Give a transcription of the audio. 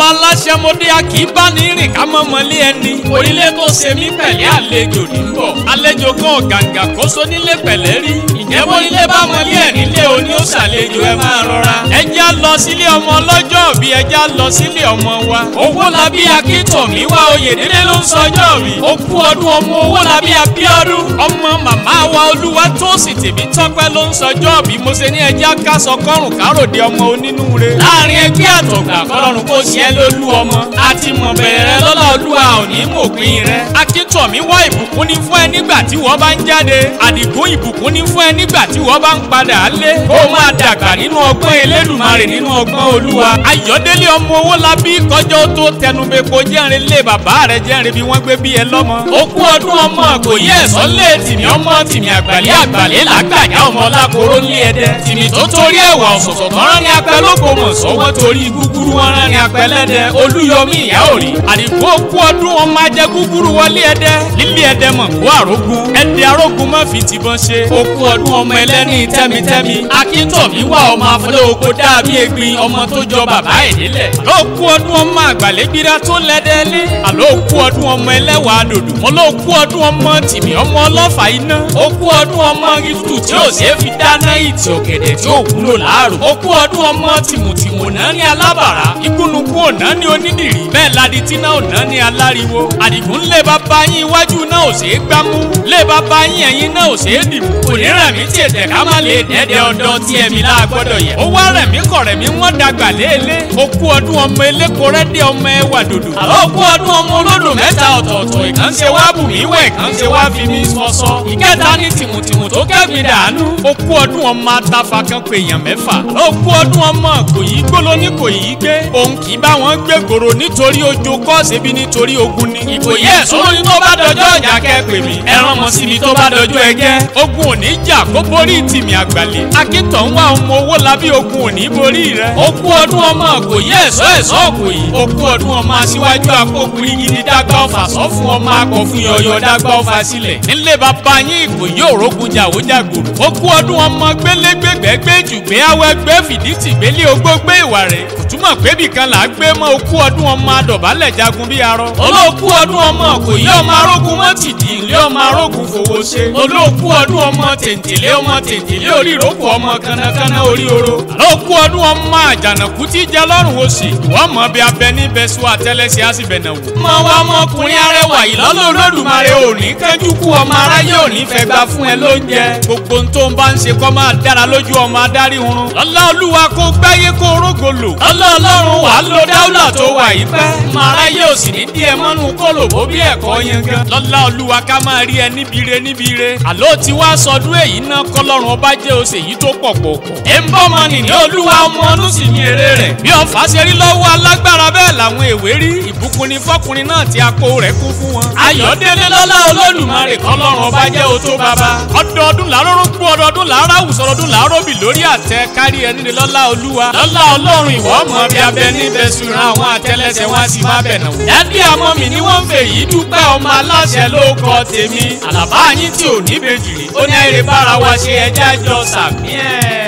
ọmọ aláṣẹ mọdé akínbánirìn ká mọ̀mọ́lé ẹni. orílẹ̀ tó ṣe mí pẹ̀lẹ́ àlejò ní bọ̀. àlejò kan gàǹgà kó sónílé pẹ̀lẹ́ rí. ìjẹ́wọ́ ilé òní ó ṣàlejò ẹ máa rọra. ẹja lọ sílé ọmọ lọ́jọ́ bí ẹja lọ sílé ọmọ wa. owó la bí akíntọ̀mí wá oyèdélé ló ń sọjọ́ mi. ó kú ọdún ọmọ owó la bí abíọ́dún. ọmọ màmá wa olúwa tó sì tèmi tọ́pẹ́ ló ń sọjọ́ bí mo ṣe ní ẹja kásọ kọ́rùn káròdé ọmọ onínúure. láàrin ẹgbẹ́ àtọ̀gbà kọ́lọ́run kò ṣe ò ní mú òpin rẹ. akíntọ̀mí wọ ìbùkún ní fún ẹ nígbà tí wọ́n bá ń jáde. àdìgún ìbùkún ní fún ẹ nígbà tí wọ́n bá ń padà lé. ó máa dàgbà nínú ọgbọ́n elédùnmarè nínú ọgbọ́n olúwa. ayọ̀délé ọmọ owó la bí kọjọ́ tó tẹnubẹ́kọ jẹ́rin lé bàbá rẹ̀ jẹ́rin bí wọ́n gbé bí ẹ lọ́mọ. ogún ọdún ọmọ kò yẹ ẹ̀sọ́ lé tìmí ọmọ tìmí àgbàlẹ́ àgbàlẹ́ làgbàjá ọmọ lákòrò ní ẹ̀dẹ́. tìmí tó torí ẹ̀wà ọ̀sọ̀sọ̀ tán rán ní apẹ́ lóko mọ̀ sọ́wọ́ torí gúgúrú wọn rán ní apẹ́ ọdún ọmọ ajẹgún gúrú wọlé ẹdẹ lílé ẹdẹ mọ̀ kó àrógún ẹdẹ arógún má fi tìbọn ṣe. okú ọdún ọmọ ẹlẹ́ni tẹmitẹmi akíntọ̀mí wà ọmọ afọlẹ́ oko dàbí egbin ọmọ tó jọ bàbá ẹ̀ ọdún ọmọ tó lé ọdún ọmọ dòdò ọdún ọmọ tìmí ọmọ iná ọdún ọmọ tí ò fi tí ò wúlò ọmọ tìmùtìmù pariwo àdìgún lè bàbá yín iwájú náà ò ṣeé gbámú lè bàbá yín ẹ̀yìn náà ò ṣeé dìbò òníran mi tiẹ̀ tẹ̀ ká má lè dẹ́dẹ́ ọdọ tí ẹ̀mí la gbọ́dọ̀ yẹ. ó wá rẹ̀ mí kọ̀ rẹ̀ mí wọ́n dàgbà léèlé okú ọdún ọmọ eléko rẹ́dẹ̀ ọmọ ẹwà dòdò. àlọ́ okú ọdún ọmọ olódò mẹ́ta ọ̀tọ̀ọ̀tọ̀ ìkan wá bù mí wẹ̀ ìkan wá fi mí sọ́sọ́ ogun ni. ìkòyí ẹ̀sùn lóyún tó bá dọjọ́ ìjà kẹ́ pè ẹran mọ̀ sí mi tó bá dọjọ́ ẹgẹ́. ogun ò ní jà kó borí tìmì àgbàlẹ̀. akíntàn wá ọmọ owó labí ogun ò ní borí rẹ. okú ọdún ọmọ ìkòyí ẹ̀sọ́ ẹ̀sọ́ òkòyí. okú ọdún ọmọ aṣíwájú akókun igidi dágbà ọ̀fà sọ fún ọmọ akọ̀fun yọ̀yọ̀ dágbà ọ̀fà sílẹ̀. nílé bàbá yín ìkòyí òrógun jàwó jàgòrò. okú ọdún ọmọ gbélégbègbè jùgbé awẹ́gbé fìdítì gbélé ogbó gbé ìwà rẹ̀. kò túmọ̀ pé bìkan là á okú ọdún ọmọ olóòkú ọdún ọmọ kò yí ọmọ arógun mọ́tìdì ilé ọmọ arógun fowó ṣe olóòkú ọdún ọmọ tèǹtèlé ọmọ tèǹtèlé orírókò ọmọ kánnakánná orí oró olóòkú ọdún ọmọ àjànàkú tí jẹ lọ́rùn oṣì wọ́n mọ̀ bí abẹ níbẹ̀ sọ àtẹlẹsẹ̀ á sì bẹ̀nà wò. mọ wa ọmọkùnrin arẹwà yìí lọ́lọ́ olódùmarè òní kẹ́jú kú ọmọ aráyé òní fẹ́ gba fún ẹ lóúnjẹ gbogbo n tó ń bá ń ṣe kọ́ máa dára lójú ọmọ adarí oorun lọ́lá olúwa kó gbáyé kó rógò lò lọ́lá wàá lo dáúlà tó wà yìí pẹ́ ọmọ aráyé òsì ní díẹ̀ mọ́nú kólòbó bí ẹ̀kọ́ yẹn gan. lọ́lá olúwa ká máa rí ẹ níbire níbire. àló ti wá sọdún èyí náà kọlọ́run ọba jẹ́ oṣù èyí tó pọ̀ pọ̀ kù. ẹ ń bọ́ mọ nìyẹn olúwa ọmọ ọdún sì ní èrè rẹ̀. bí ọ̀fà ṣe rí lọ́wọ́ alágbára bẹ́ẹ̀ làwọn èwe rí. ìbùkún ni fọkùnrin náà tí akó rẹ̀ kún fún wọn. ayọ̀délé lọ́lá olódùmarè kọlọ́run ọba jẹ́ oṣó ọmọ mi ni wọ́n ń fè yí dúpẹ́ ọmọ aláṣẹ ló kọ tèmi àlàbá tí ò ní bèjì rí ó ní àìrè bára wa ṣe ẹjẹ́ àjọ sàmí ẹ̀.